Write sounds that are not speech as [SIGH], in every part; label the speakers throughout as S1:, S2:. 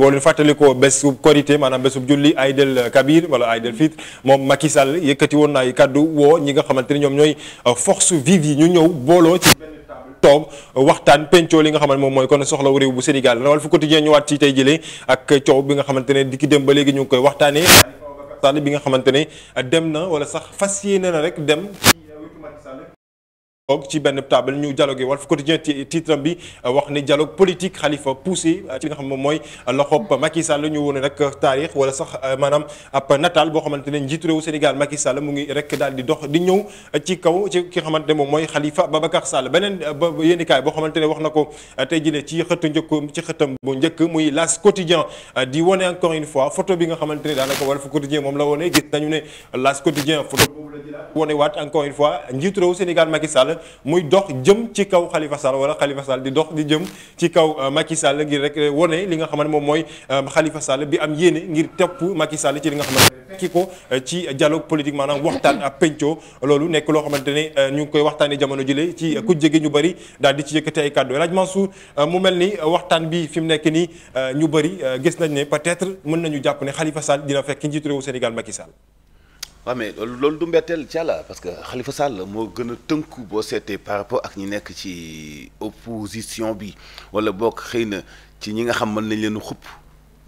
S1: boo leen fàttalikoo bésub korité maanaam bes bésub julli Aïdel Kabir wala Aïdel Fitr moom Macky Sall yëkkati woon na ay kaddu woo ñi nga xamante ni ñoom ñooy force vive yi ñu ñëw booloo ci benn table toog waxtaan pencoo li nga xamante moom mooy kon soxlawu réew bu Sénégal Walf Quotidien ñëwaat ci tey jëlee ak coow bi nga xamante ne di ki dem ba léegi ñu ngi koy waxtaanee. Sall bi nga xamante ne dem na wala sax fas nee na rek dem. toog ci benn table ñu dialogué Walf Quotidien titre bi euh, wax ni dialogue politique Khalifa poussé euh, ci nga xam moom mooy euh, loxob Macky Sall ñu woon rek taarix wala sax maanaam ab nataal boo xamante ne njiitu réew Sénégal Macky Sall mu ngi rek daal di dox di ñëw ci kaw ci ki nga xamante ne moom mooy Khalifa Babacar Sall ba yéenikaay boo xamante ne wax na ko tey ne ci xëtu njëkk ci xëtam bu njëkk muy L'As Quotidien di wone encore une fois photo bi nga xamante ne daanaka Walf moom la wone gis nañu ne L'As Quotidien photo boobu la jëlaat wone waat muy dox jëm ci kaw Khalifa Sall wala Khalifa Sall di dox di jëm ci kaw euh, Macky Sall ngir rek euh, wone li nga xamante moom mooy euh, Khalifa Sall bi am yéene ngir topp Macky Sall ci li nga xamante ki ko ci dialogue politique maanaam waxtaan ak penco loolu nekk loo xamante ne ñu ngi koy waxtaanee jamono jile ci ku jege ñu bëri daal di ci yëkkati ay kàddu El Hadj Mansour mu mel ni waxtaan bi fi mu nekk nii ñu bari gis nañ ne peut-être mën nañu jàpp ne Khalifa Sall dina fekk njiitu réewu Sénégal Macky Sall waaw mais
S2: loolu du mbetteel Thiala parce que Khalifa Sall moo gën a tënku boo seetee par rapport ak ñi nekk ci opposition bi wala bokk xëy na ci ñi nga xam mën nañ leen xupp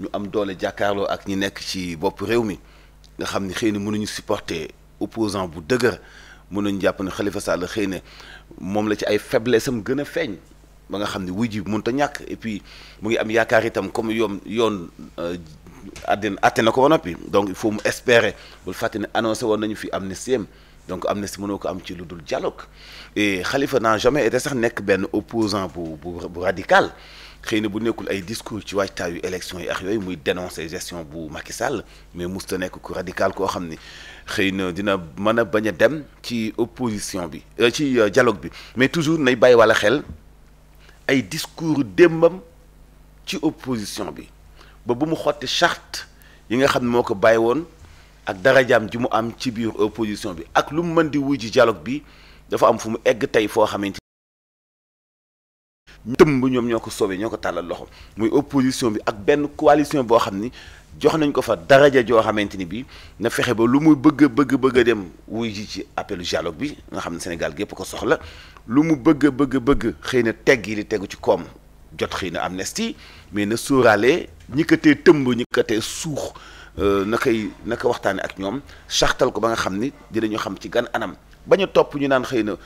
S2: ñu am doole jàkkaarloo ak ñi nekk ci bopp réew mi nga xam ni xëy na nañu supporter opposant bu dëgër mënuñ jàpp ne Khalifa Sall xëy na moom la ci ay faiblesse am gën a feeñ ba nga xam ni wuy ji mënut a ñàkk et puis mu ngi am yaakaar itam comme yoon yoon euh, àddina àtte na ko ba noppi donc il faut mu espérer bul fàtte ne annoncé woon nañu fi amnistie donc amnistie mënoo ko am ci lu dul dialogue et Khalifa n'a jamais été sax nekk benn opposant bu bu bu radical xëy na bu nekkul ay discours ci waajtaayu élection yi ak yooyu muy dénoncer gestion bu Macky Sall mais musta nekk ku radical koo xam ni xëy na dina mën a bañ a dem ci opposition bi euh, ci euh, dialogue bi mais toujours nay bàyyi wala xel ay discours démbam ci opposition bi ba bu mu xotti charte yi nga xam ne moo ko bàyyi woon ak darajaam ji mu am ci biir opposition bi ak lu mu mën di wuy ji dialogue bi dafa am fu mu egg tey foo xamante tëmb ñoom ñoo ko soobee ñoo ko tàllal loxo muy opposition bi ak benn coalition boo xam ni jox nañ ko fa daraja joo xamante ni bi na fexe ba lu muy bëgg bëgg bëgg a dem wuy ji ci appelu dialogue bi nga xam ne Sénégal gépp ko soxla lu mu bëgg bëgg bëgg xëy na teg teggi li tegu ci koom jot xëy na amnistie mais na sóoraale ñi tëmb ñi ko suux euh, na koy na ko waxtaane ak ñoom saxtal ko ba nga xam ni dinañu xam ci gan anam bañ a topp ñu naan xëy na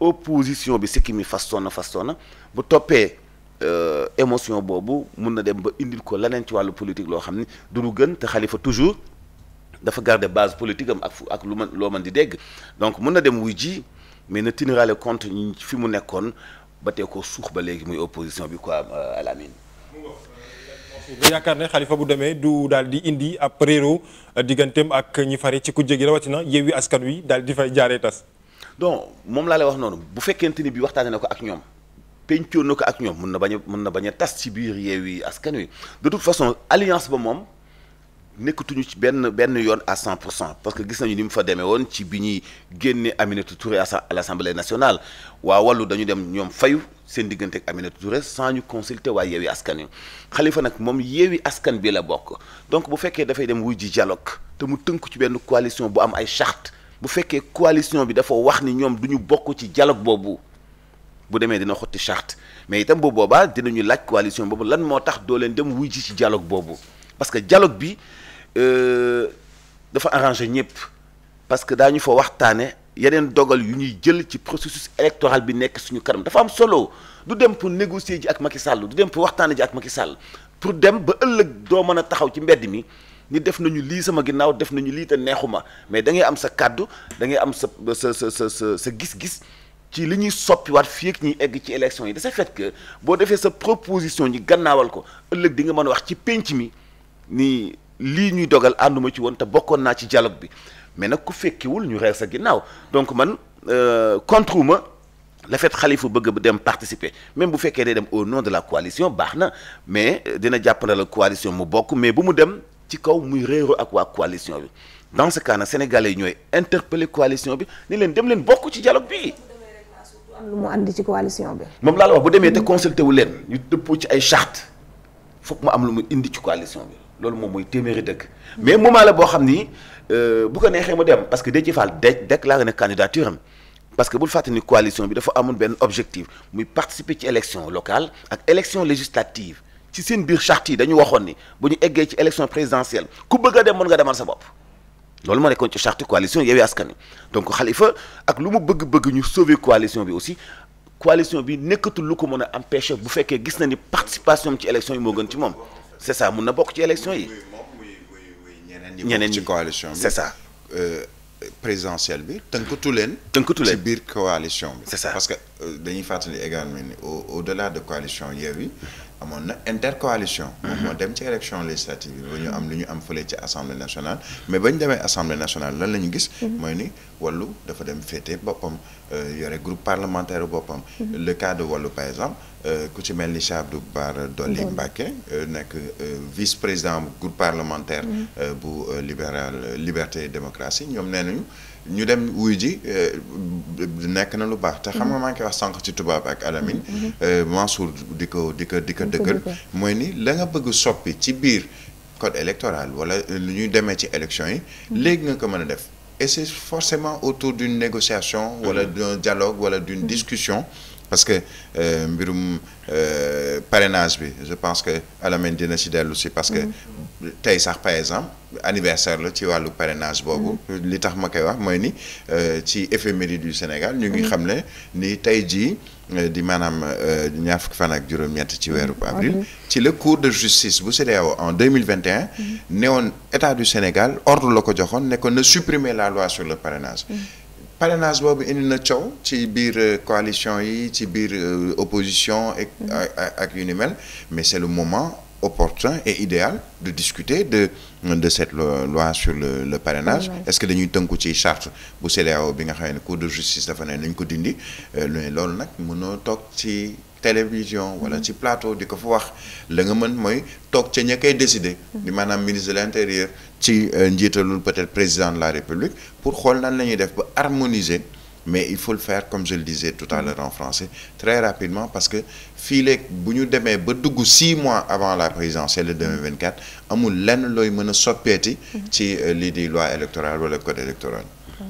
S2: opposition bi sikki mi fastoon na fastoon na bu toppee euh, émotion boobu mun na dem ba indil ko leneen ci wàllu politique loo xam ni du lu gën te xalifa toujours dafa garder base politique am ak fu ak lu mën loo mën di dégg donc mun na dem wuy ji mais na tiniraale compte ñi fi mu nekkoon
S1: ba tee ko suux ba léegi muy opposition bi quoi euh, Alamine. nga yaakaar ne xalifa bu demee du daal di indi ab réeróo euh, digganteem ak ñi fare ci ku jéggi rawatina Yewwi Askan Wi daal di fa jaaree tas.
S2: donc moom laa lay wax noonu bu fekkente ni bi waxtaanee na ko ak ñoom pencoon na ko ak ñoom mun na bañ a na bañ a tas ci biir Yewwi Askan Wi de toute façon alliance ba moom. nekkatuñu ci benn benn yoon à cent pour cent parce que gis nañu ni mu fa demee woon ci bi ñuy génne Aminata Touré à l'Assemblée nationale waa wàllu dañu dem ñoom fayu seen diggante ak Aminata Touré sans ñu consulter waa yeewi askan yi xalifa nag moom yeewi askan bi la bokk donc bu fekkee dafay dem wuy ji dialogue te mu tënku ci benn coalition bu am ay charte bu fekkee coalition bi dafa wax ni ñoom du ñu bokk ci dialogue boobu bu demee dina xotti charte mais itam bu boobaa dinañu laaj coalition boobu lan moo tax doo leen dem wuy ji ci dialogue boobu parce que dialogue bi Euh, dafa arrangé ñëpp parce que daañu fa waxtaane yeneen dogal yu ñuy jël ci processus électoral bi nekk suñu kanam dafa am solo du dem pour négocier ji ak Macky Sall du dem pour waxtaane ji ak Macky Sall pour dem ba ëllëg doo mën a taxaw ci mbedd mi ni def nañu lii sama ginnaaw def nañu lii te neexuma mais da ngay am sa kàddu dangay am sa sa sa sa gis-gis ci li ñuy soppiwaat fii ak ñuy egg ci élection yi de ce fait boo defee sa proposition ñi gannaawal ko ëllëg di nga mën a wax ci pénc mi lii ñuy dogal ànduma ci woon te bokkoon naa ci dialogue bi mais nag ku fekkiwul ñu reer sa ginnaaw donc man euh, contre ma le fait Khalifa bëgg dem participer même bu fekkee de dem au nom de la coalition baax na mais euh, dina jàppandal la coalition mu bokk mais bu mu dem ci kaw muy réeroo ak waa coalition bi dans ce cas nag sénégalais yi ñooy interpeller coalition bi ni leen dem leen bokk ci dialogue bi
S3: mu andi ci coalition
S2: bi. moom laa la wax bu demee te consulté wu leen ñu dëppoo ci ay charte mu am lu mu indi ci coalition bi. loolu moom mooy téeméeri dëkk mais moment la boo xam ni euh, bu ko neexee mu dem parce que Déthié Fall de déclaré na candidature am parce que bul fàtte ni coalition bi dafa amoon benn objectif muy participer ci élection locale ak élection législative ci seen biir charte yi dañu waxoon ni bu ñu eggee ci élection présidentielle ku bëgg dem mën nga demal sa bopp loolu moo nekkoon ci charte coalition Yewwi Askan Wi donc Khalifa ak lu mu bëgg-bëgg ñu sauver coalition bi aussi coalition bi nekkatul lu mën a empêcher bu fekkee gis na ni participation ci élection yi moo gën ci moom c'est ça mun na bokk ci élection yi. ñeneen ñi coalition bi c'est ça.
S4: Euh, présidentielle bi tënkatu leen. leen ci biir coalition bi. c'est ça parce que euh, dañuy fàttali également ni au au delà de coalition Yewwi amoon na intercoalition. moom mhm. moo dem ci élection législative yi. ba ñu am lu ñu am fële ci assemblée nationale. mais ba ñu demee assemblée nationale lan la ñu gis. Mhm. mooy ni wallu dafa dem féete boppam euh, yore groupe parlementaire boppam. Mhm. le cas de wàllu par exemple euh, ku ci mel ni Abdou Bara Dolly Mbacké euh, nekk vice président groupe parlementaire. bu libéral liberté démocratie ñoom nee nañu. ñu dem wuy ji euh, nekk na lu baax te xam nga maa ngi koy wax sànq ci tubaab ak alamin mm-hmm. mm-hmm. euh, Mansour di ko di ko di ko dëggal mooy nii la nga bëgg soppi ci biir code électoral wala lu ñuy demee ci élection yi mm-hmm. léegi nga ko mën a def et c'est forcément autour d'une négociation wala d'un dialogue wala d'une discussion parce que euh, mbirum euh, parrainage bi je pense que Alamine dina si dellu si parce que mhm. tey sax par exemple anniversaire la ci wàllu parrainage boobu mhm. li tax ma koy wax mooy ni euh, ci éphéméride du Sénégal ñu ngi mhm. xam ne ni tey jii di maanaam ñaar fukki fan ak juróom-ñett ci weeru avril ci la cour de justice bu CEDEAO en 2021 newoon état du Sénégal ordre la ko joxoon ne ko na supprimer la loi sur le parrainage parrainage boobu indi na coow ci biir euh, coalition yi ci biir euh, opposition mm-hmm. ak ak yu ni mel mais c'est le moment opportun et idéal de discuter de de cette loi sur le, le parrainage oui. est-ce que dañuy tënku ci charte bu CEDEAO bi nga xam ne cour de justice dafa ne nañ ko dindi euh, loolu nag mënoo toog ci télévision wala mm-hmm. ci plateau di ko fa wax la nga mën mooy toog ca ña koy décider. Mm-hmm. di maanaam ministre de l'intérieur ci euh, njiitalul peut-être président de la république pour xool nan la def ba harmoniser mais il faut le faire comme je le disais tout à mm-hmm. l'heure en français très rapidement parce que fii léegi bu ñu demee ba dugg six mois avant la présidentielle de 2024 amul lenn looy mën a soppeeti. ci euh, lii di loi électorale wala code électoral.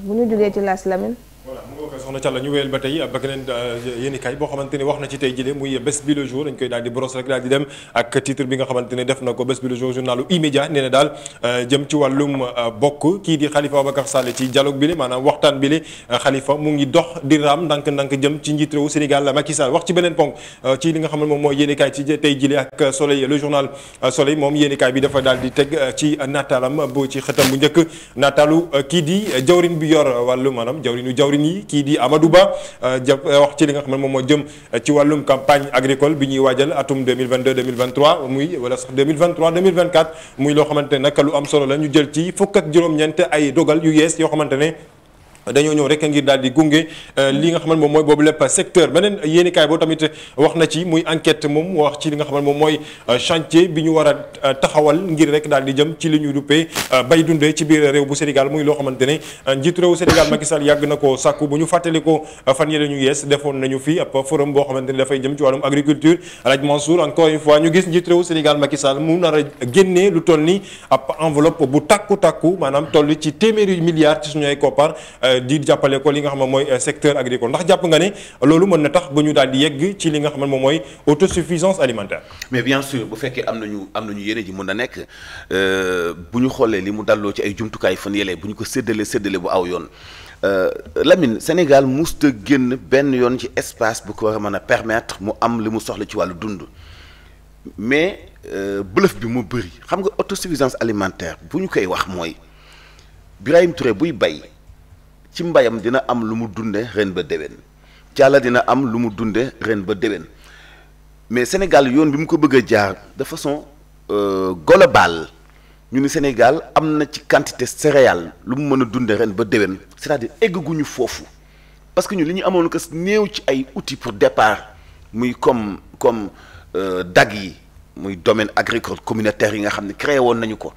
S3: bu ñu voilà
S1: mu nga ko soxna Thialla ñu wéyal ba tey ba keneen euh, yéeni boo xamante ni wax na ci tey jile muy bés bi le jour dañ koy daal di brosse rek daal di dem ak titre bi nga xamante ni def na ko bés bi le jour journalu immédiat nee na daal euh, jëm ci wàllum euh, bokk kii di Khalifa Ababacar Sall ci dialogue bi le maanaam waxtaan bi le Khalifa mu ngi dox di raam ndànk-ndànk jëm ci njiit réewu Sénégal la Macky Sall wax ci beneen ponk ci li nga xam ne moom mooy yéeni bi dafa bi yor wàllu maanaam jawrinu jawrin yi kii di Amadou Ba euh, jàpp euh, wax ci li nga xam ne moom moo jëm euh, ci wàllum campagne agricole bi ñuy waajal atum 2022 2023 muy wala sax 2023 2024 muy loo xamante ne nag lu am solo la ñu jël ci fukk ak juróom-ñeent ay dogal yu yoo xamante ne dañoo ñëw rek ngir daal di gunge euh, li nga xam ne moom mooy boobu lépp secteur beneen yéenekaay boo tamit wax na ci muy enquête moom wax ci li nga xam ne moom mooy euh, chantier bi ñu war a euh, taxawal ngir rek daal di jëm ci li ñuy duppee bay dundee ci biir réew bu Sénégal muy loo xamante ne njiitu réew Sénégal Macky Sall yàgg na ko sàkku bu ñu fàttali ko fan yële ñu yees defoon nañu fi ab forum boo xamante ne dafay jëm ci wàllum agriculture Alaj Mansour encore une fois ñu gis njiitu réew Sénégal Macky Sall mu nar a génnee lu toll ni bu takku takku maanaam toll ci téeméeri milliards ci suñu ay di jàppale ko li nga xam ne mooy euh, secteur agricole ndax jàpp nga ne loolu mën na tax ba ñu daal di yegg ci li nga xam ne moom mooy autosuffisance alimentaire.
S2: mais bien sûr bu fekkee am nañu am nañu yéene ji mën na nekk euh, bu ñu xoolee li mu dalloo ci ay jumtukaay fan yële bu ñu ko séddalee séddale bu aw yoon. Euh, Lamine Sénégal musta génn benn yoon ci espace bu ko war a mën a permettre mu am li mu soxla ci wàllu dund mais euh, bëlëf bi mu bëri xam nga autosuffisance alimentaire bu ñu koy wax mooy Birahim Touré bay ci mbayam dina am lu mu dunde ren ba déwén càlla dina am lu mu dunde ren ba déwén mais Sénégal yoon bi mu ko bëgg a jaar de façon euh, globale ñu ni Sénégal am na ci quantité céréale lu mu mën a dunde ren ba déwén c'est-à-dire egguñu foofu parce que ñu li ñu amoon ko néew ci ay outils pour départ muy comme comme euh, dag yi muy domaine agricole communautaire yi nga xam ne créé woon nañu ko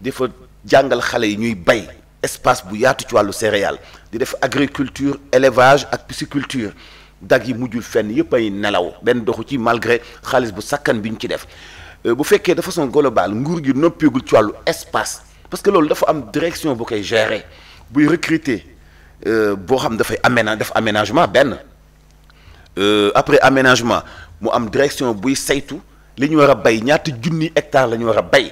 S2: dafa jàngal xale yi ñuy bay espace bu yaatu ci wàllu céréales di def agriculture élevage ak pisciculture dag yi mujjul fenn yëpp ay nelaw benn doxu ci malgré xaalis bu sakkan bi ñu ci def euh, bu fekkee de façon globale nguur gi noppeegul ci wàllu espace parce que loolu dafa am direction bu koy gérer buy recruter euh, boo xam dafay aména def aménagement benn euh, après aménagement mu am direction buy saytu li ñu war a bay ñaata junni hectares la ñu war a bay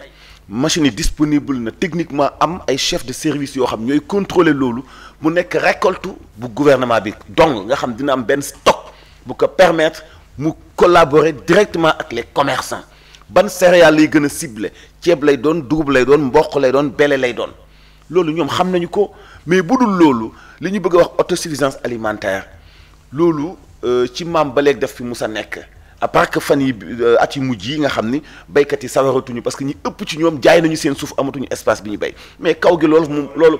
S2: machine yi disponible na techniquement am ay chef de service yoo xam ñooy contrôler loolu mu nekk récolte bu gouvernement bi donc nga xam dina am benn stock bu ko permettre mu collaborer directement ak les commerçants ban céréales lay gën a ciblé ceeb lay doon dugub lay doon mboq lay doon bele lay doon loolu ñoom xam nañu ko mais bu dul loolu li ñu bëgg a wax autosuffisance alimentaire loolu euh, ci maam ba léegi def fi musa nekk à part que fan yi euh, at yu mujj yi nga xam ni béykat yi sawaratuñu parce que ñi ëpp ci ñoom jaay nañu seen suuf amatuñu espace bi ñu béy mais kaw gi loolu moom loolu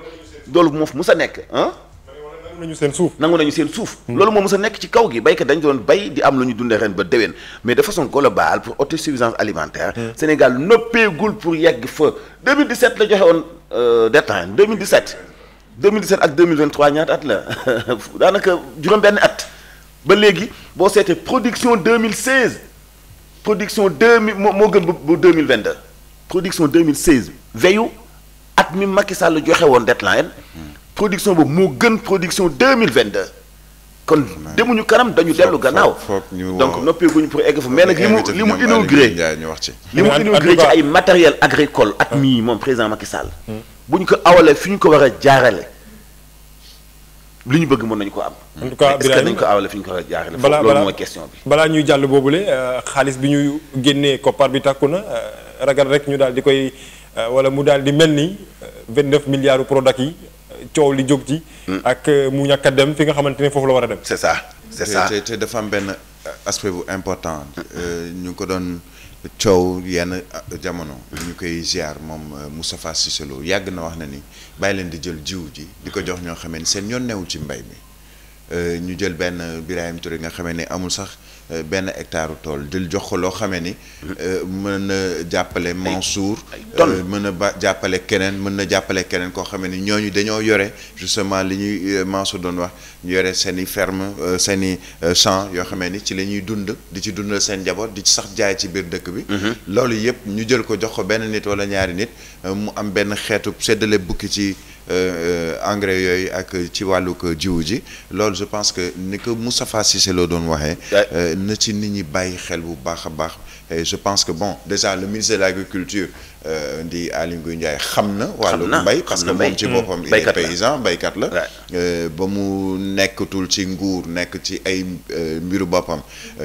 S2: loolu moo fi mus a nekk nangu nañu seen suuf nangu nañu seen suuf hmm. loolu moom mos sa nekk ci kaw gi béykat dañ doon bay di am lu ñu dundee ren ba déwén mais de façon globale pour autosuffisance alimentaire hmm. Sénégal noppeegul pour yegg fa 2017 la joxe woon détain 2017 2017 ak 2023 ñaata at la [LAUGHS] daanaka juróom at ba léegi boo seetee production 2016 production 2000 moo moo gën bu bu 2022 production 2016 veyu at mi Macky Sall joxe woon deadline production boobu moo gën production 2022 kon demuñu kanam dañu dellu gannaaw donc noppee guñu pour egg fa mais nag li mu li mu inauguré li mu inauguré ci ay matériel agricole at mii moom président Macky Sall hmm. bu ñu ko awalee fi ñu ko war a jaarale li ñu bëgg mën nañu ko am. en tout est-ce que nañu ko awale a jaarale. balaa loolu mooy question bi.
S1: balaa ñuy jàll boobu le euh, xaalis bi ñu génnee koppar bi tàkku na euh, ragal rek ñu daal di koy euh, wala mu daal di mel ni 29 milliards Prodac yi coow li jóg ci. Hmm. ak mu ñàkk dem fi nga xamante ne foofu la war a dem. c'est ça c'est ça te dafa am benn
S4: aspect bu important. ñu ko doon. coow yenn ah, jamono ñu koy ziar moom euh, Moustapha Cissé Lo yàgg na wax na ni bàyyi leen di jël jiw ji di ko jox ñoo xamee ni seen yoon newul ci mbay mi Euh, ñu jël benn Birahim Touré nga xamee ni amul sax euh, benn hectare tool jël jox ko loo xamee ni. Euh, mën na jàppale Mansour. mën na ba jàppale keneen mën na jàppale keneen koo xamee ni ñooñu dañoo yore justement li ñuy Mansour doon wax ñu yore seen i ferme seen i champs yoo xamee ni ci la ñuy dund di ci dundal seen njaboot di ci sax jaay ci biir dëkk bi. Mhm. loolu yëpp ñu jël ko jox ko benn nit wala ñaari nit mu am benn xeetu séddale bukki ci. Euh, euh, engrais yooyu ak ci wàllug jiw ji loolu je pense que ni ko Moustapha si loo doon waxee euh, na ci nit ñi bàyyi xel bu baax a baax je pense que bon déjà le ministre de l'agriculture euh, di Aly Ngouille Ndiaye xam na wàllu mbay parce que moom ci hmm. boppam il baykat la euh, ba mu nekkatul ci nguur nekk ci ay euh, mbiru boppam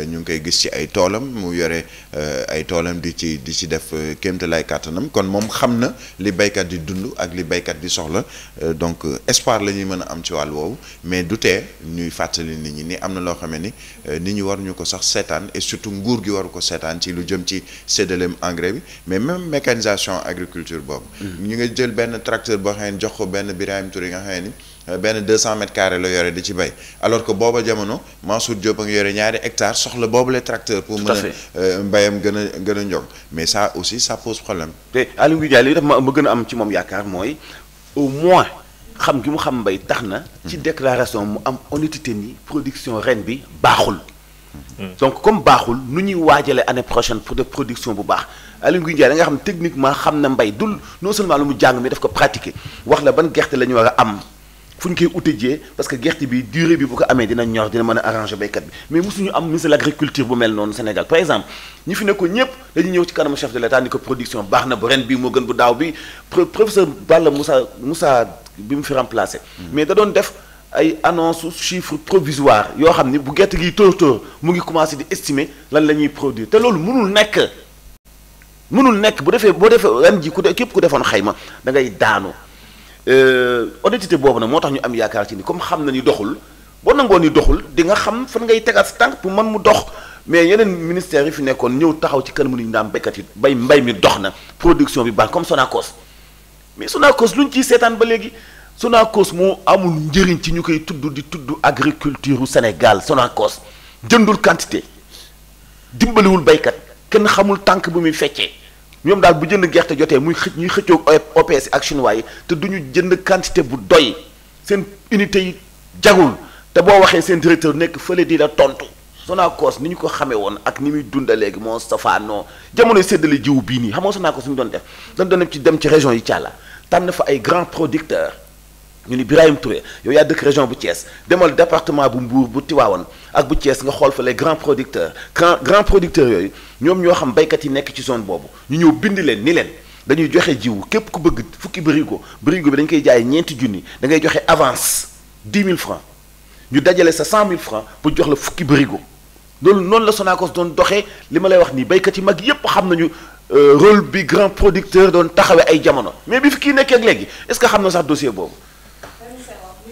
S4: ñu ngi koy gis ci ay toolam mu yore ay toolam di ci di ci def kémte lay kàttanam kon moom xam na li baykat di dund ak li baykat di soxla donc espoir la ñuy mën a am ci wàll woowu mais du tee ñuy fàttali nit ñi ni am na loo xamee ni nit ñi waruñu ko sax seetaan et surtout nguur gi waru ko seetaan ci ci lu jëm ci séddaleem engrais bi mais même mécanisation agriculture boobu. Mm-hmm. ñu nga jël benn tracteur boo xam ne jox ko benn Birahim Touré nga xam ne ni euh, benn 200 mètres la yore di ci bay alors que booba jamono Mansour Diop a ngi yore ñaari hectares soxla boobu la tracteur. pour mën a euh, mbayam gën a gën a njog mais sa aussi ça pose problème. te
S2: Aliou Ndiaye li tax ma ma gën a am ci moom yaakaar mooy au moins. xam gi mu xam mbay tax na. ci mm-hmm. déclaration mu am honnêteté ni production ren bi baaxul. donc comme baaxul nu ñuy waajale année prochaine pour production bu baax Aliou Ngouille Ndiaye da nga xam techniquement xam na mbay dul non seulement lu mu jàng mais daf ko pratiquer wax la ban gerte la ñu war a am fu ñu koy utijee parce que gerte bi durée bi bu ko amee dina ñor dina mën a arranger baykat bi mais mosuñu am ministre de l'agriculture bu mel noonu Sénégal par exemple ñi fi nekkoon ñëpp dañuy ñëw ci kanam chef de l'état ni ko production baax na bu ren bii moo gën bu daaw bi professeur Balla Moussa Moussa bi mu fi remplacé hmm. mais da doon def ay annonce chiffre provisoire yoo xam ni bu gerte gi tóor tóor mu ngi commencé di estimer lan la ñuy produire te loolu mënul nekk mënul nekk bu defee boo defee ren ji ku de képp ku defoon xayma da ngay daanu euh, honnêteté boobu nag moo tax ñu am yaakaar ci ni comme xam na ni doxul boo nangoo ni doxul di nga xam fan ngay tegaat sa tànk pour man mu dox mais yeneen ministères yi fi nekkoon ñëw taxaw ci kanamu nit ñi daan béykat yi bay mbay mi dox na production bi baax comme Sonacos mais Sonacos ba léegi Sonacos moo amul njëriñ ci ñu koy tudd di tudd agriculture u Sénégal Sonacos jëndul quantité dimbaliwul baykat kenn xamul tànk bu muy feccee ñoom daal bu jënd gerte jotee muy xëc ñuy xëccoo OPS ak chinois yi te du ñu jënd quantité bu doy seen unité yi jagul te boo waxee seen directeur nekk fële di la tontu Sonacos ni ñu ko xamee woon ak ni muy dunda léegi moo safaanoo jamono séddale jiw bii nii xam nga Sonacos ñu doon def dañ doon ci dem ci région yi Thiala tànn fa ay grands producteurs ñu ni Birahim Touré yow yaa dëkk région bu Thiès demal département bu Mbour bu Tivaouane ak bu Thiès nga xool fa les grands producteurs grand grands yooyu ñoom ñoo xam baykat yi nekk ci zone boobu ñu ñëw bind leen ni leen dañuy joxe jiwu képp ku bëgg fukki bërigo bërigo bi dañ koy jaay ñeenti junni da ngay joxe avance 10 mille francs ñu dajale sa 100 000 francs pour jox la fukki bërigo loolu noonu la Sonacos doon doxee li ma lay wax nii baykat yi mag yépp xam nañu euh, rôle bi grand producteur doon taxawee ay jamono mais bi fi kii nekkee est-ce que xam na sax dossier boobu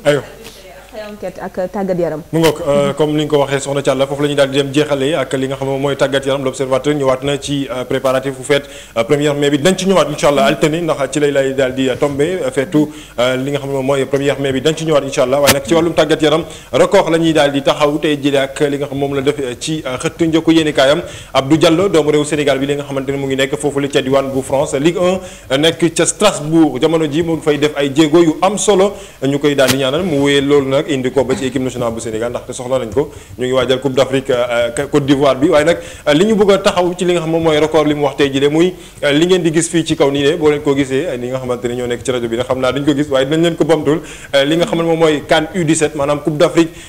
S1: aywa enquête mu ngoog euh, comme ni nga ko waxee soxna Thialla foofu la ñuy daal di dem jeexalee ak li nga xam mooy tàggat yaram l'observateur ñëwaat na ci euh, préparatif bu fête euh, première mai bi dañ ci ñëwaat incha allah altine ndax ci lay lay daal feetu li nga xam ne mooy première mai bi dañ ci ñëwaat incha allah waaye nag ci wàllum tàggat yaram moom la def ci xëttu njëkku yéeni kaayam Abdou Diallo doomu réew Sénégal bi li nga xamante ne mu ngi nekk foofu li ca diwaan bu France Ligue 1 nekk ca Strasbourg jamono ji mu fay def ay jéego yu am solo koy daal di ñaanal mu wéyee loolu indi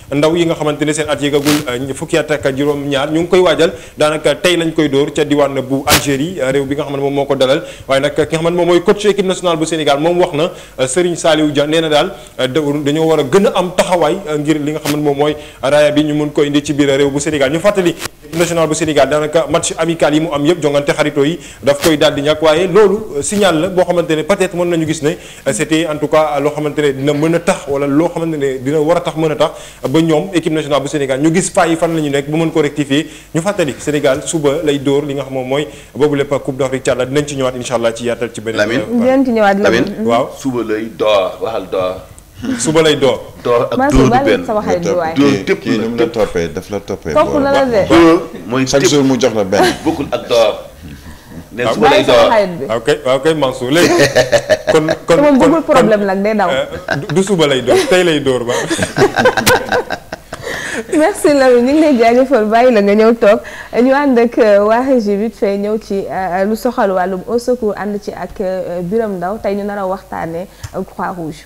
S1: ndaw yi nga xamante seen at yéegagul euh, fukki at juróom ñaar ñu ngi koy waajal daanaka tey lañ koy dóor ca diwaan bu Algérie euh, réew bi nga xam moom moo ko dalal waaye nag nga xam moom mooy coach équipe nationale bu Sénégal moom wax na euh, Serigne Saliou Dia daal dañoo war gën a am taxaw taxawaay euh, ngir li nga xam moom mooy raaya bi ñu mën ko indi ci biir réew bu Sénégal ñu fàttali national bu Sénégal euh, euh, dina mën a tax wala loo xamante ne dina war a tax mën a tax ba ñoom équipe nationale bu Sénégal ñu gis failles fan la nekk ba mën ko rectifier ñu fàttali Sénégal suba lay dóor li nga xam moom mooy boobu ci ñëwaat incha allah ci yaatal ci beneen. Lamine dinañ
S3: ci ñëwaat Lamine
S1: waaw suba lay door waxal door suba lay door.
S4: door ak dóor du benn sama xarit bi la toppee la na la de dóor
S1: mooy chaque mu jox la benn. bokkul ak door. ne ah, suba lay door waaw kay waaw kon kon
S3: kon problème nag day daw. Eh,
S1: du suba lay door tey lay door ba. [LAUGHS]
S3: merci Lamine ñu ngi lay jaajëfal bàyyi la nga ñëw toog ñu ànd ak euh, waa régie vite ñëw ci euh, lu soxal wàllum au secours ànd ci ak euh, Biram Ndaw tey ñu nar a waxtaanee Croix-Rouge.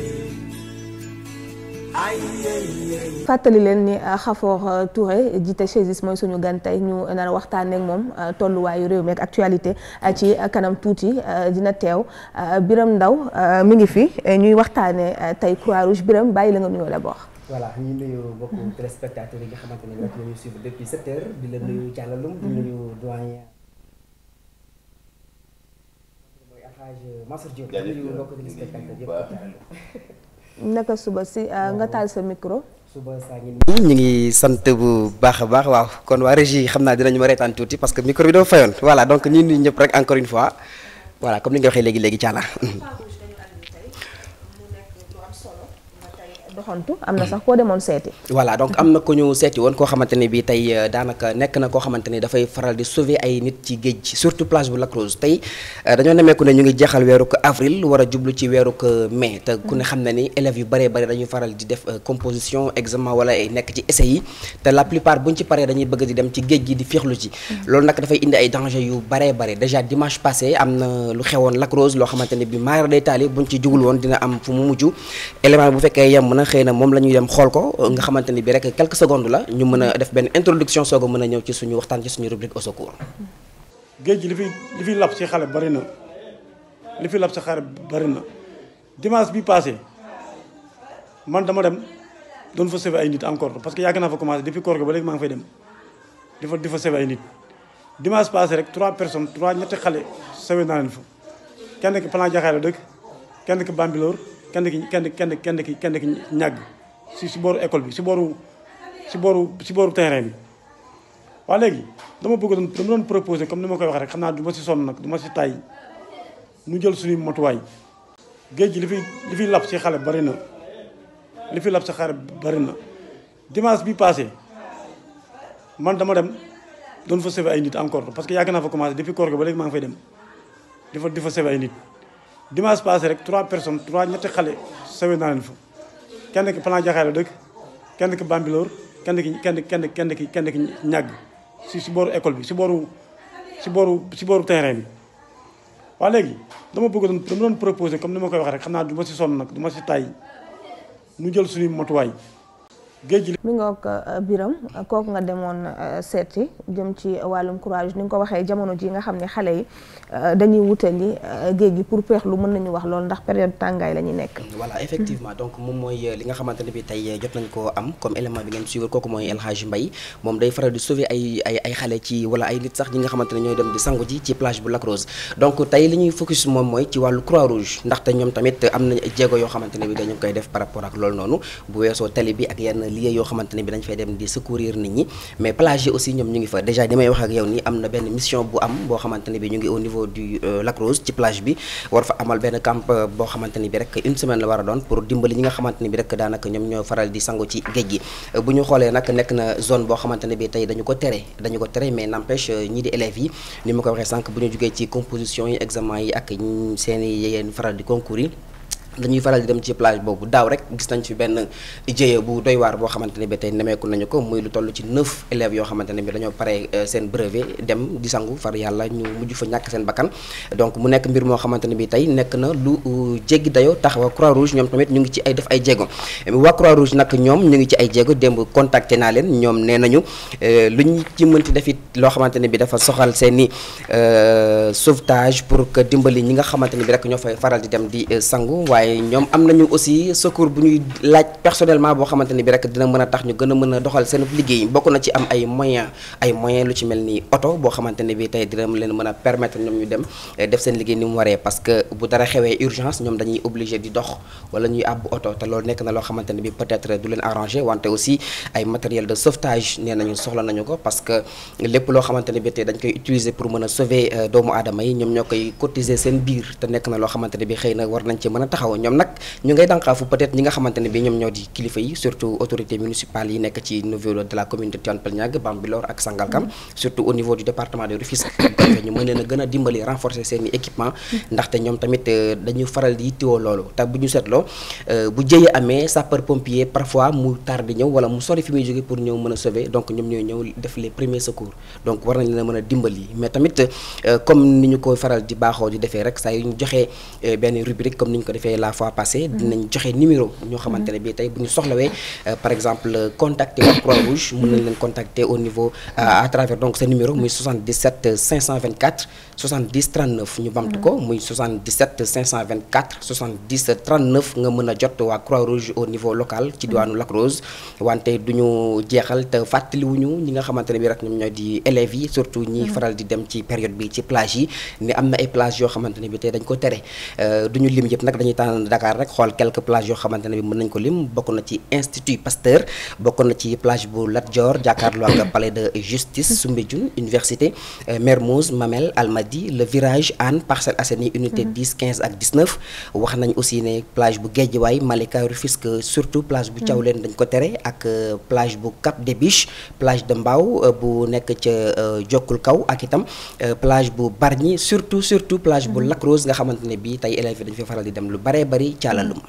S3: fàttali leen ni euh, Khafor euh, Touré jiite CHESIS mooy suñu gan tey ñu nar a waxtaanee moom euh, tolluwaayu réew mi ak actualité ci kanam tuuti dina teew Biram Ndaw mi ngi fi ñuy waxtaanee tey Croix-Rouge Biram bàyyi la nga nuyoo d'abord.
S5: yi nga xamante ne ñoo ngi suivre depuis sept heures
S3: la nuyu naka suba si euh, nga taal sa micro. suba saa ngi
S5: ñu ngi sant bu baax a baax waaw kon waa régie xam naa dinañu ma reetaan tuuti parce que micro bi dafa fayoon voilà donc ñun ñii ñëpp rek encore une fois voilà comme ni nga waxee léegi léegi caalaa.
S3: doxantu am na sax koo demoon seeti.
S5: voilà donc am na ko ñu seeti woon koo xamante ne bii tey euh, daanaka nekk na koo xamante ni dafay faral di sauver ay nit ci géej gi surtout plage bu Lac Rose tey euh, a jublu ci weeru ko mai te ku mm. yu bëree bëri dañuy faral di def euh, composition examen wala ay nekk ci essai yi te la plupart buñ ci paree dañuy bëgg di dem ci géej gi di féexlu ci. Mm. loolu nag dafay indi ay danger yu bëree bëri déjà dimanche passé am na lu xewoon Lac Rose loo xamante ne bii maara taali buñ ci jugul woon dina am fu mu mujj élément bu fekkee yem na xëy na moom la ñuy dem xool ko nga xamante ni bi rek quelques secondes la ñu mën a def benn introduction soog a mën a ñëw ci suñu waxtaan ci
S6: suñu rubrique au secours. géej gi li fi li fi lab ci xale bari na li fi lab si xale bari na dimanche bi passé man dama dem doon fa sauver ay nit encore parce que yàgg naa fa commencé depuis koor ga ba di fa di fa sauver nit dimanche passé rek trois personnes trois ñetti xale sauver naa leen fa kenn ki plan jaxaay la dëkk kenn ki bambiloor kenn ki kenn kenn kenn ki kenn ki ñàgg si si booru école bi si booru si booru si booru terrain bi waa léegi dama bëgg doon dama doon proposé comme ni ma koy waxee rek xam naa du ma si sonn nag duma ma si tay nu jël suñu matuwaay géej gi li fi li fi lab si xale bari na li fi lab si xale bari na dimanche bi passé man dama dem doon fa sauver ay nit encore parce que yàgg naa fa commencé depuis koor ba léegi maa ngi fay dem di fa di fa sauver ay nit dimanche passé rek trois personnes trois ñetti xale sawe naa leen fa kenn ki plan jaxaay la dëkk kenn ki bambiloor kenn ki kenn kenn kenn ki kenn ki ñàgg si si booru école bi si booru si booru si booru terrain bi waa léegi dama bëgg doon dama doon proposé comme ni ma koy waxee rek xam naa du ma si sonn nag du ma si tàyyi mu jël suñu matuwaay géej gi
S3: mi euh, biram kooku nga demoon euh, seeti jëm ci wàllum courage ni nga ko waxee jamono ji nga xam ne xale yi euh, dañuy wutali géej gi pour peexlu mën nañu wax loolu ndax période tàngaay la ñuy nekk voilà effectivement
S5: donc moom mooy li nga xamante ne bi tey jot nañ ko am comme élément bi ngeen suivre kooku mooy El Hadj Mbaye moom day faral di sauver ay ay xale ci wala ay nit sax ñi nga xamante ne ñooy dem di sangu ji ci plage bu Lac Rose donc tey li ñuy focus moom mooy ci wàllu croix ñoom tamit am na jéego yoo xamante ne bi dañu koy def par rapport ak loolu noonu bu bi ak yenn liggéey yoo xamante ne bi dañ fay dem di secourir nit ñi mais plage yi aussi ñoom ñu ngi fa déjà li may wax ak yow nii am na benn mission bu am boo xamante bi ñu ngi au niveau du euh, Lac Rose ci plage bi war fa amal benn camp euh, boo xamante ni bi rek une semaine la war a doon pour dimbali ñi nga xamante ni bi rek daanaka ñoom ñoo faral di sangu ci géej gi euh, bu ñu xoolee nag nekk na zone boo xamante ne bi tey dañu ko tere dañu ko tere mais n'empêche ñii di élèves yi ni ma ko waxee sànq bu ñu jógee ci composition yi examen yi ak seen yeneen faral di concours yi dañuy faral di dem ci plage boobu daaw rek gis nañ fi benn jéye bu doy waar boo xamante ne bi tey nemeeku nañu ko muy lu toll ci neuf élèves yoo xamante ne bi dañoo pare euh, seen brevet dem di sangu far yàlla ñu mujj fa ñàkk seen bakkan donc mu nekk mbir moo xamante ne bi tey nekk na lu euh, jéggi dayoo tax waa ñoom tamit ñu ngi ci ay def ay jéego waa croix nag ñoom ñu ngi ci ay jéego démb contacté naa ñoom nee nañu euh, lu ñu ci def it loo xamante ne bi dafa soxal seen i sauvetage pour que dimbali ñi nga xamante ne bi rek ñoo fay faral di dem di sangu waaye ñoom am nañu aussi secours bu ñuy laaj personnellement boo xamante bi rek dina mën a tax ñu gën mën a doxal seen liggéey bokk na ci am ay moyens ay moyens lu ci mel ni oto boo xamante bi tey eh, du leen arrangé wante aussi ay matériel de sauvetage nee nañu soxla nañu ko parce lépp loo xamante bi tey dañ koy utiliser pour mën a sauver eh, doomu aadama yi ñoom ñoo koy cotiser seen biir te nekk na loo xamante bi xëy na war nañ ci mën a taxaw taxaw ñoom nag ñu ngay dànqaafu peut ñi nga xamante bi ñoom ñoo di kilifa yi surtout autorités municipales yi nekk ci niveau de la commune de Tivaouane Bambilor ak Sangalkam surtout au niveau du département de Rufisque ñu mën leen a gën a dimbali renforcer seen i équipement ndaxte ñoom tamit euh, dañu faral di yittewoo loolu te bu ñu seetloo euh, bu jëye amee sapeur pompier parfois mu tardé ñëw wala mu sori fi muy jóge pour ñëw mën a sauver donc ñoom la fois passée dinañ joxe numéro ñoo xamante ne bii tey bu ñu soxlawee euh, par exemple contacter waa Croix-Rouge mën nañ leen contacter au niveau euh, à travers donc ce numéro muy 77 524 70 39 ñu bamtu ko muy 77 524 70 39 nga mën a jot waa Croix-Rouge au niveau local ci diwaanu Lac Rose wante du jeexal te fàttaliwuñu ñi nga xamante ne bii rek ñoom ñooy di élèves yi surtout ñi faral di dem ci période bi ci plage yi ni am na ay plage yoo xamante ne bii tey dañ ko tere euh, national Dakar rek xool quelques plages yoo xamante ne bi mën nañ ko lim bokk na ci institut Pasteur bokk na ci plage bu Lat Dior jàkkaarloo ak palais de justice Soumbédioune université euh, Mermoz Mamel Almadi le virage Hann Parcelles Assainies unité mhm. ak wax nañ aussi ne plage bu Guédiawaye Malika Rufisque surtout plage bu mhm. euh, Cap des Biches plage de Mbao euh, bu nekk ca Jokkul Kaw ak itam plage bu Bargny surtout surtout plage bu mhm. Lac Rose nga xamante bi tey élèves yi dañu fi bare bari ci àlalum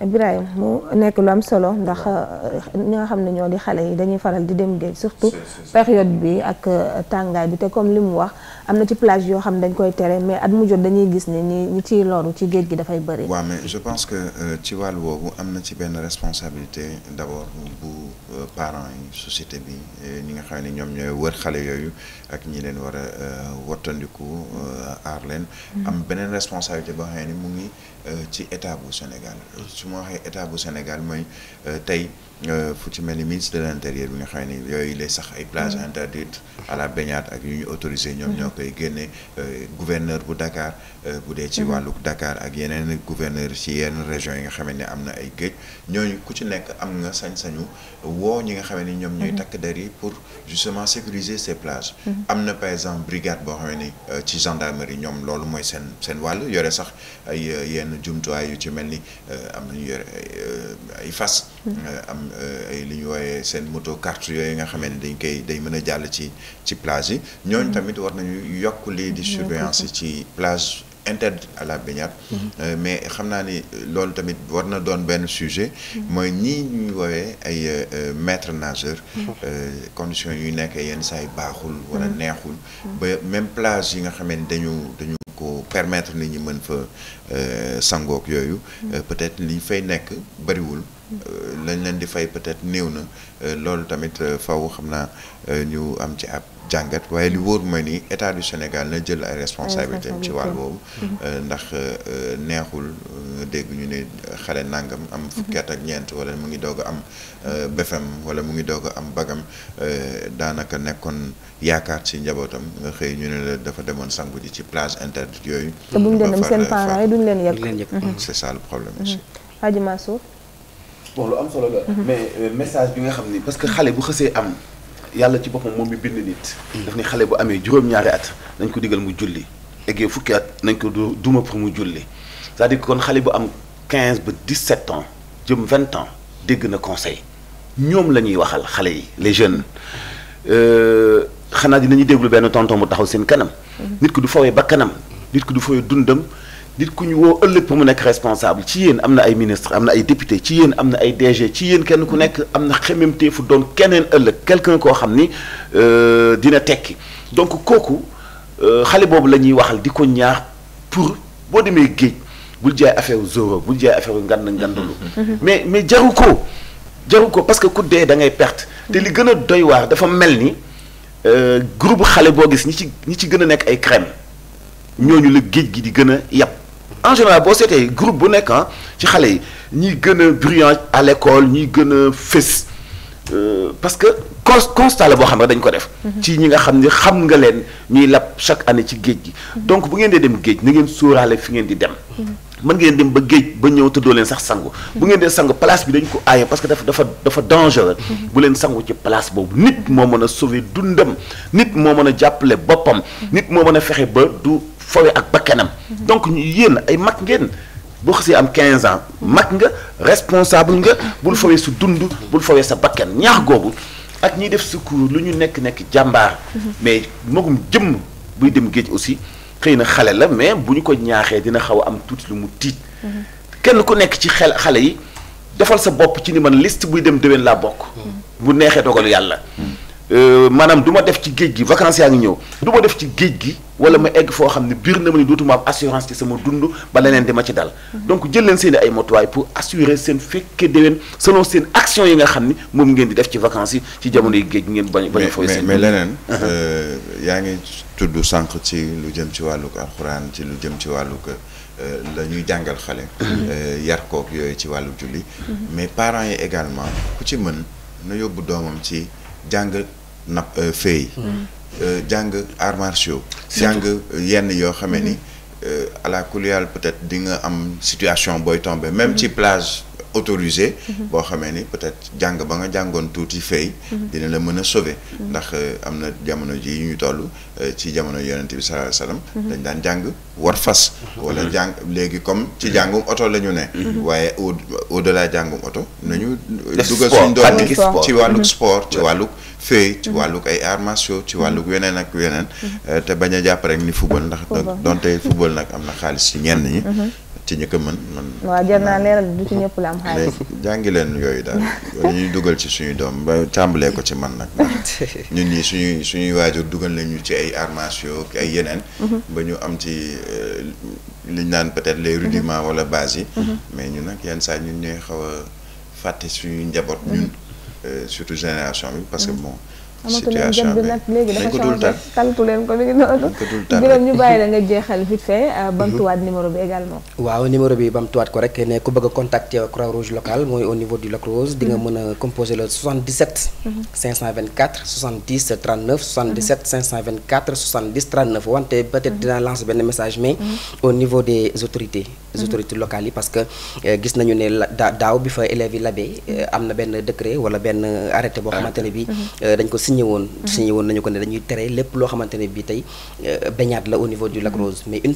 S3: Ibrahima mu nekk lu am solo ndax euh, ñi nga xam ne ñoo di xale yi dañuy faral di dem géej surtout période bi ak euh, tàngaay bi te comme li mu wax am na ci plage yoo xam ne dañ koy tere mais at mu dañuy gis ne ñi ñi ciy loru ci géej gi dafay bëri. waaw
S4: mais je pense que euh, ci wàll woowu am na ci benn responsabilité d'abord bu parents yi société bi ñi nga xam ne ñoom ñooy wër xale yooyu ak ñi leen war a wottandiku aar leen.
S6: Mm-hmm. am
S4: beneen responsabilité ci état bu Sénégal su ma waxee état bu Sénégal mooy euh, tey Euh, fu ci mel ni ministre de l' intérieur bi nga xam ne yooyu lay sax ay plages mm. interdites à la baignade ak yu ñu autorisé ñoom ñoo mm. koy génne euh, gouverneur bu Dakar euh, bu dee ci mm. wàllu Dakar ak yeneen gouverneur ci yenn régions yi nga xam ne am na ay géej ñooñu ku ci nekk am nga sañ-sañu woo ñi nga xam ni ñoom ñooy mm-hmm. takk der yi pour justement sécuriser ces plages mm-hmm. am na par exemple brigade boo xam ne ci gendarmerie ñoom loolu mooy seen seen wàll yore sax ay yenn jumtuwaay yu ci mel ni am nañu yore ay fas mm-hmm. Euh, ay li ñu wooyee seen moto carte yooyu nga xamante ni dañ koy day mën a jàll ci ci plage yi ñooñu mm-hmm. tamit war nañu yokk lii di surveillance yi ci plage interdite à la mm-hmm. euh, mais xam naa ni loolu tamit war na doon benn sujet mm-hmm. mooy ñii ñuy woowee ay euh, maître nageur conditions yu nekk yenn saa baaxul wala neexul ba même plage yi nga xamee dañu dañu ko permettre nit ñi mën fa sangook yooyu peut-être li fay nekk bariwul Euh, lañ leen di fay peut-être néew na euh, loolu tamit euh, faw xam naa ñu am ci ab jàngat waaye li wóor ma nii état du Sénégal na jël ay responsabilités ci wàll boobu ndax neexul dégg ñu ne xale nangam am fukki at ak ñeent wala mu ngi doog a am befem wala mu ngi doog a am bagam daanaka nekkoon yaakaar ci njabootam nga xëy ñu ne la dafa demoon sangu ji ci plage interdite yooyu te seen parents
S3: yi duñ
S2: leen yëg c'est ça problème aussi bon lu am solo la. Mhm. mais euh, message bi nga xam ni parce que xale bu xësee am yàlla ci boppam moom mi bind nit. Mhm. daf ne xale bu amee juróom-ñaari at nañ ko digal mu julli eggee fukki at nañ ko duma pour mu julli c'est-à-dire kon xale bu am 15 ba 17 ans jëm 20 ans dégg na conseil ñoom la ñuy waxal xale yi les jeunes euh, xanaa dinañu déglu benn tonton bu taxaw seen kanam. Mhm. nit ko du fowee ba kanam nit ko du fowee dundam. nit ku ñu woo ëllëg ba mu nekk responsable ci yéen am na ay ministre am na ay député ci yéen am na ay DG ci yéen kenn ku nekk am na xememtee fu doon keneen ëllëg quelqu'un koo xam ni euh, dina tekki donc kooku euh, xale boobu la ñuy waxal di ko ñaax pour boo demee géej bul jaay affaire zoro bul jaay affaire ngand ngandalu [LAUGHS] mais mais jaru ko jaru ko parce que ku dee da ngay perte te li gën a doy waar dafa mel ni euh, groupe xale boo gis ñi ci ñi ci gën a nekk ay crème ñooñu la géej gi di gën a yàpp en général boo seetee groupe bu nekk ah, ci xale yi ñuy gën a bruyant à l'école ñuy gën a fës euh, parce que constat la boo xam ne dañ ko def. Mhm. ci ñi nga xam ne xam nga leen ñuy lab chaque année ci géej gi. Mhm. donc bu ngeen dee dem géej na ngeen sóoraale fi ngeen di dem. Mhm. mën ngeen dem ba géej ba ñëw tëddoo leen sax sangu. bu ngeen dee sangu place bi dañ ko aaye parce que dafa dafa dafa dangereux. bu leen sangu ci place boobu nit moo mën a sauver dundam nit moo mën a jàppale boppam. nit moo mën a fexe ba du. fowe ak bakkanam mhm. donc yéen ay mag ngeen boo xasee am 15 ans mhm. mag nga responsable nga bul mhm. fowee su dund bul fowee sa bakkan ñaax googu ak ñiy def secours lu ñu nekk nekk jàmbaar mais magum jëm buy dem géej aussi xëy na xale la mais bu ñu ko ñaaxee dina xaw a am tuuti lu mu tiit kenn ku nekk ci xel xale yi defal sa bopp ci ni man liste buy dem déwén laa bokk bu neexee dogalu yàlla euh, maanaam duma def ci géej gi vacances yaa ngi ñëw duma def ci géej gi wala ma egg foo xam ne biir na ma ni dootuma assurance ci sama dund ba leneen di ma ci dal donc jël leen seen ay motuwaay pour assurer seen fekke déwén selon seen action yi nga xam ni moom ngeen di def ci vacances yi ci jamono yi géej ngeen bañ bañ fooy seen mais leneen [LAUGHS] uh-huh. euh,
S4: yaa ngi tudd sànq ci lu jëm ci wàllug alxuraan ci lu jëm ci wàllug euh, la ñuy jàngal xale uh-huh. euh, yar kook yooyu ci wàllu julli uh-huh. mais parent yi également ku ci mën na yóbbu doomam ci jàng nap feey Euh, jàng arts martiaux jàng euh, yenn yoo xamee ni euh, àla kuliyal peut-être di nga am situation booy tombé même ci plage autorisé boo xamee ni peut-être jàng ba nga jàngoon tuuti fay dina la mën a sauver ndax am na jamono ji yu ñu toll ci jamono yonent bi sallallahu alayhi wasallam dañ daan jàng war fas wala jàng léegi comme ci jàngum oto la ñu ne waaye au au delà jàngum oto nañu dugal suñ doom ci wàlluk sport ci wàlluk mhm. fee ci mhm. wàllug ay arts ci mhm. wàllug weneen ak yeneen mhm. euh, te bañ a jàpp rek ni football ndax donte football nag am na xaalis ci ñenn ñi ci ñi ko mën man
S3: waaw naa leeral du ci ñëpp la am [LAUGHS] xaalis
S4: jàngi leen yooyu daal [LAUGHS] wala ñuy dugal ci suñu doom ba tàmbalee ko ci man nag [LAUGHS] ndax ñun ñi suñuy suñuy waajur dugal nañu ci ay arts martiaux ay yeneen ba ñu am ci euh, liñ naan peut-être les rudiments wala base yi mais ñu nag yenn saa ñun ñooy xaw a fàtte suñu njaboot ñun Euh, surtout génération bi parce que mm. bon situation bi amatu leen jot bi nag léegi dafa changé
S3: talatu leen ko mi ngi noonu. biram ñu bàyyi la nga mhm. jeexal vite fait. Euh, mhm. bamtuwaat numéro bi également.
S5: waaw numéro bi bamtuwaat ko rek ne ku bëgg a contacter croix rouge locale mooy au niveau du Lac Rose. di nga mhm. mën a composer le 77. 524 70 39 77 524 70 39 wante peut-être dinaa lancer benn message mais. au niveau des autorités. des autorités locales yi parce que euh, gis nañu ne daaw bi fa élèves yi labee euh, am na benn décret wala benn arrêté boo xamante ne bi dañ ko signé woon mhm. signé woon nañu ko ne dañuy tere lépp loo xamante ne tey euh, bañaat la au niveau du Lac Rose mhm.